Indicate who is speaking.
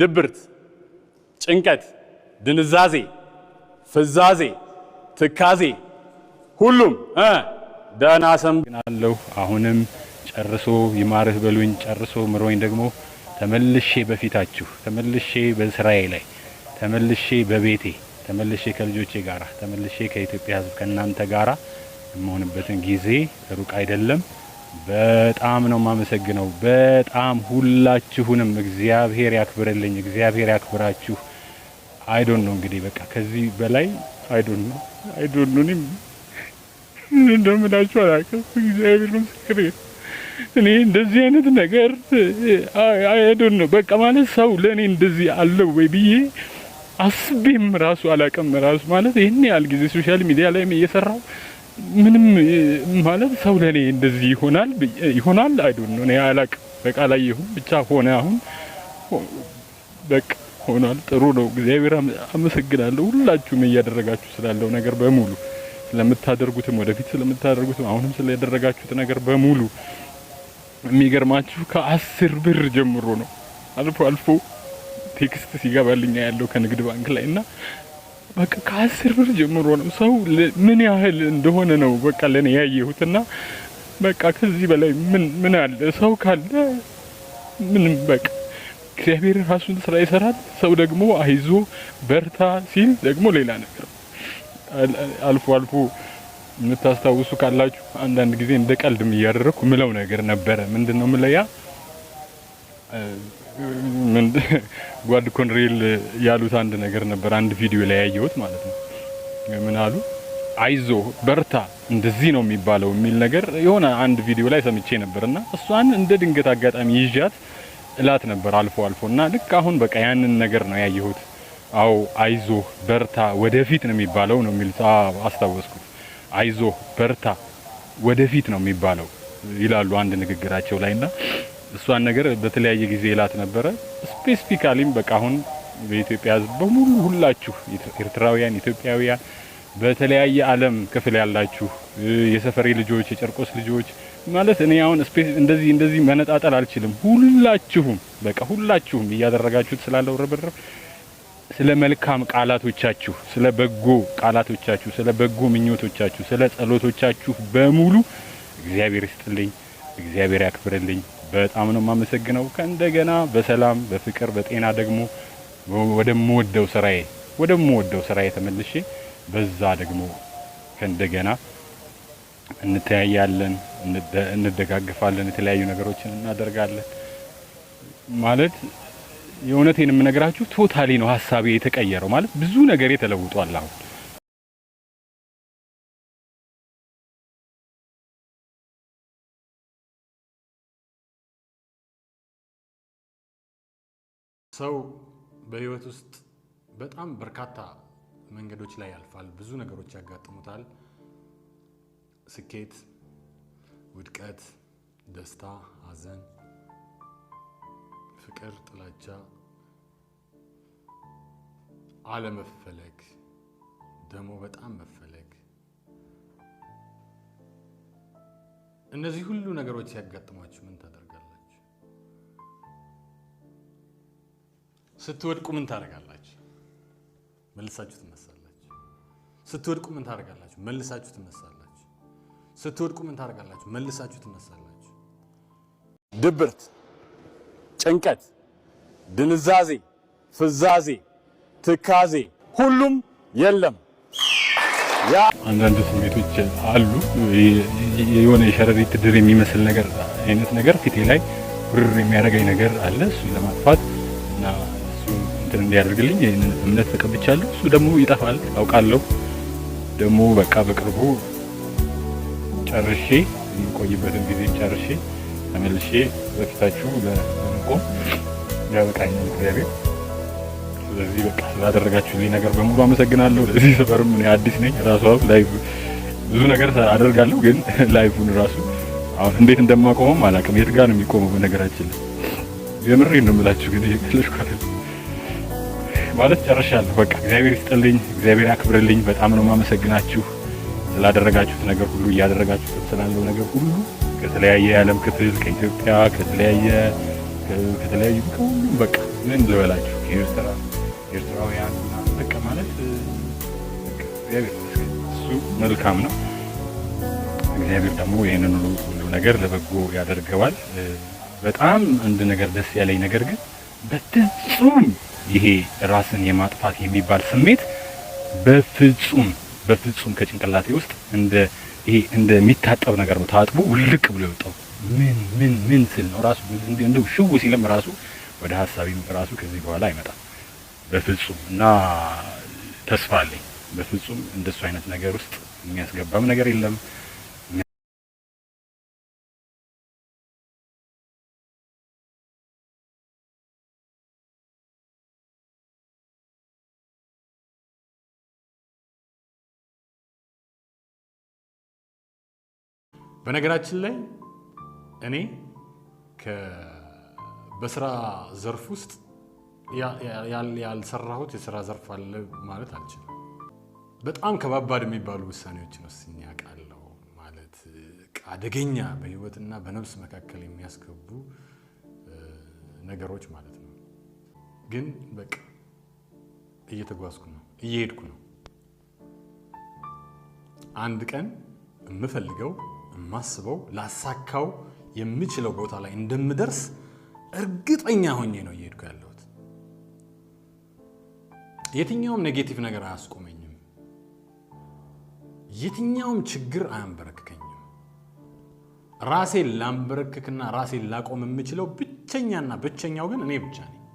Speaker 1: ድብርት፣ ጭንቀት፣ ድንዛዜ፣ ፍዛዜ፣ ትካዜ ሁሉም ደህና
Speaker 2: ሰምግናለሁ። አሁንም ጨርሶ ይማርህ በሉኝ። ጨርሶ ምሮኝ ደግሞ ተመልሼ በፊታችሁ ተመልሼ በስራዬ ላይ ተመልሼ በቤቴ ተመልሼ ከልጆቼ ጋራ ተመልሼ ከኢትዮጵያ ሕዝብ ከእናንተ ጋራ የመሆንበትን ጊዜ ሩቅ አይደለም። በጣም ነው የማመሰግነው። በጣም ሁላችሁንም እግዚአብሔር ያክብርልኝ፣ እግዚአብሔር ያክብራችሁ። አይዶን ነው እንግዲህ በቃ ከዚህ በላይ አይዶን ነው አይዶን ነው እኔም ምን እንደምላችሁ አላውቅም። እግዚአብሔር ምስክር እኔ እንደዚህ አይነት ነገር አይዶን ነው በቃ ማለት ሰው ለእኔ እንደዚህ አለው ወይ ብዬ አስቤም ራሱ አላውቅም። ራሱ ማለት ይህን ያህል ጊዜ ሶሻል ሚዲያ ላይ እየሰራው ምንም ማለት ሰው ለኔ እንደዚህ ይሆናል ይሆናል አይዶን ነው እኔ አላቅ በቃ ላይ ይሁን ብቻ ሆነ። አሁን በቃ ሆኗል። ጥሩ ነው። እግዚአብሔር አመሰግናለሁ፣ ሁላችሁም እያደረጋችሁ ስላለው ነገር በሙሉ ስለምታደርጉትም፣ ወደፊት ስለምታደርጉትም፣ አሁንም ስላደረጋችሁት ነገር በሙሉ የሚገርማችሁ ከአስር ብር ጀምሮ ነው አልፎ አልፎ ቴክስት ሲገባልኛ ያለው ከንግድ ባንክ ላይ እና በቃ ከአስር ብር ጀምሮ ነው ሰው ምን ያህል እንደሆነ ነው በቃ ለእኔ ያየሁትና በቃ ከዚህ በላይ ምን ምን አለ ሰው ካለ ምንም በቃ እግዚአብሔር ራሱን ስራ ይሰራል። ሰው ደግሞ አይዞ በርታ ሲል ደግሞ ሌላ ነገር አልፎ አልፎ የምታስታውሱ ካላችሁ አንዳንድ ጊዜ እንደ ቀልድም እያደረኩ ምለው ነገር ነበረ። ምንድን ነው ምለያ ጓድ ኮንሬል ያሉት አንድ ነገር ነበር፣ አንድ ቪዲዮ ላይ ያየሁት ማለት ነው። ምን አሉ? አይዞ በርታ፣ እንደዚህ ነው የሚባለው የሚል ነገር የሆነ አንድ ቪዲዮ ላይ ሰምቼ ነበር እና እሷን እንደ ድንገት አጋጣሚ ይዣት እላት ነበር አልፎ አልፎ እና ልክ አሁን በቃ ያንን ነገር ነው ያየሁት። አዎ አይዞ በርታ፣ ወደፊት ነው የሚባለው ነው የሚል አስታወስኩት። አይዞ በርታ፣ ወደፊት ነው የሚባለው ይላሉ አንድ ንግግራቸው ላይ እና እሷን ነገር በተለያየ ጊዜ ይላት ነበረ። ስፔሲፊካሊም በቃ አሁን በኢትዮጵያ ሕዝብ በሙሉ ሁላችሁ ኤርትራውያን፣ ኢትዮጵያውያን በተለያየ ዓለም ክፍል ያላችሁ የሰፈሬ ልጆች፣ የጨርቆስ ልጆች ማለት እኔ አሁን እንደዚህ እንደዚህ መነጣጠል አልችልም። ሁላችሁም በቃ ሁላችሁም እያደረጋችሁት ስላለው ርብርብ ስለ መልካም ቃላቶቻችሁ፣ ስለ በጎ ቃላቶቻችሁ፣ ስለ በጎ ምኞቶቻችሁ፣ ስለ ጸሎቶቻችሁ በሙሉ እግዚአብሔር ይስጥልኝ፣ እግዚአብሔር ያክብርልኝ። በጣም ነው የማመሰግነው። ከእንደገና በሰላም በፍቅር በጤና ደግሞ ወደምወደው ስራዬ ወደምወደው ስራዬ ተመልሼ በዛ ደግሞ ከእንደገና እንተያያለን፣ እንደጋግፋለን፣ የተለያዩ ነገሮችን እናደርጋለን። ማለት የእውነቴን የምነግራችሁ ቶታሊ ነው ሀሳቤ የተቀየረው። ማለት ብዙ ነገር ተለውጧል አሁን ሰው በህይወት ውስጥ በጣም በርካታ መንገዶች ላይ ያልፋል። ብዙ ነገሮች ያጋጥሙታል። ስኬት፣ ውድቀት፣ ደስታ፣ ሐዘን፣ ፍቅር፣ ጥላቻ፣ አለመፈለግ፣ ደግሞ በጣም መፈለግ እነዚህ ሁሉ ነገሮች ሲያጋጥሟችሁ ምን ታደርጋላችሁ? ስትወድቁ ምን ታደርጋላችሁ? መልሳችሁ ትነሳላችሁ። ስትወድቁ ምን ታደርጋላችሁ? መልሳችሁ ትነሳላችሁ። ስትወድቁ ምን ታደርጋላችሁ? መልሳችሁ ትነሳላችሁ።
Speaker 1: ድብርት፣ ጭንቀት፣ ድንዛዜ፣ ፍዛዜ፣ ትካዜ ሁሉም የለም።
Speaker 2: አንዳንድ ስሜቶች አሉ። የሆነ የሸረሪት ድር የሚመስል ነገር አይነት ነገር ፊቴ ላይ ብር የሚያደርገኝ ነገር አለ። እሱ ለማጥፋት እንትን እንዲያደርግልኝ ይህንን እምነት ተቀብቻለሁ። እሱ ደግሞ ይጠፋል አውቃለሁ። ደግሞ በቃ በቅርቡ ጨርሼ የምቆይበትን ጊዜ ጨርሼ ተመልሼ በፊታችሁ ለመቆም ያበቃኛል እግዚአብሔር። ስለዚህ በቃ ስላደረጋችሁልኝ ነገር በሙሉ አመሰግናለሁ። ለዚህ ሰፈርም እኔ አዲስ ነኝ። ራሷ ላይቭ ብዙ ነገር አደርጋለሁ፣ ግን ላይፉን ራሱ አሁን እንዴት እንደማቆመም አላውቅም። የት ጋር ነው የሚቆመው? በነገራችን ላይ የምሬን ነው የምላችሁ፣ ግን እየቀለድኩ አይደለም። ማለት ጨርሻለሁ። በቃ እግዚአብሔር ይስጥልኝ፣ እግዚአብሔር ያክብርልኝ። በጣም ነው የማመሰግናችሁ ስላደረጋችሁት ነገር ሁሉ፣ እያደረጋችሁት ስላለው ነገር ሁሉ ከተለያየ የዓለም ክፍል ከኢትዮጵያ ከተለያየ ከተለያዩ ከሁሉም በቃ ምን ልበላችሁ ከኤርትራ ኤርትራውያን በቃ ማለት እግዚአብሔር ይመስገን እሱ መልካም ነው። እግዚአብሔር ደግሞ ይህንን ሁሉ ነገር ለበጎ ያደርገዋል። በጣም አንድ ነገር ደስ ያለኝ ነገር ግን በፍጹም ይሄ ራስን የማጥፋት የሚባል ስሜት በፍጹም በፍጹም ከጭንቅላቴ ውስጥ እንደ ይሄ እንደሚታጠብ ነገር ነው ታጥቦ ውልቅ ብሎ የወጣው ምን ምን ምን ስል ነው ራሱ እንደው ሽው ሲልም ራሱ ወደ ሀሳቢም ራሱ ከዚህ በኋላ አይመጣም በፍጹም እና ተስፋ አለኝ። በፍጹም እንደሱ አይነት ነገር ውስጥ የሚያስገባም ነገር የለም። በነገራችን ላይ እኔ በስራ ዘርፍ ውስጥ ያልሰራሁት የስራ ዘርፍ አለ ማለት አልችልም። በጣም ከባባድ የሚባሉ ውሳኔዎችን ወስኜ አውቃለሁ። ማለት አደገኛ በህይወትና በነብስ መካከል የሚያስገቡ ነገሮች ማለት ነው። ግን በቃ እየተጓዝኩ ነው፣ እየሄድኩ ነው። አንድ ቀን የምፈልገው የማስበው ላሳካው የምችለው ቦታ ላይ እንደምደርስ እርግጠኛ ሆኜ ነው እየሄድኩ ያለሁት። የትኛውም ኔጌቲቭ ነገር አያስቆመኝም። የትኛውም ችግር አያንበረክከኝም። ራሴን ላንበረክክና ራሴን ላቆም የምችለው ብቸኛና ብቸኛው ግን እኔ ብቻ ነኝ።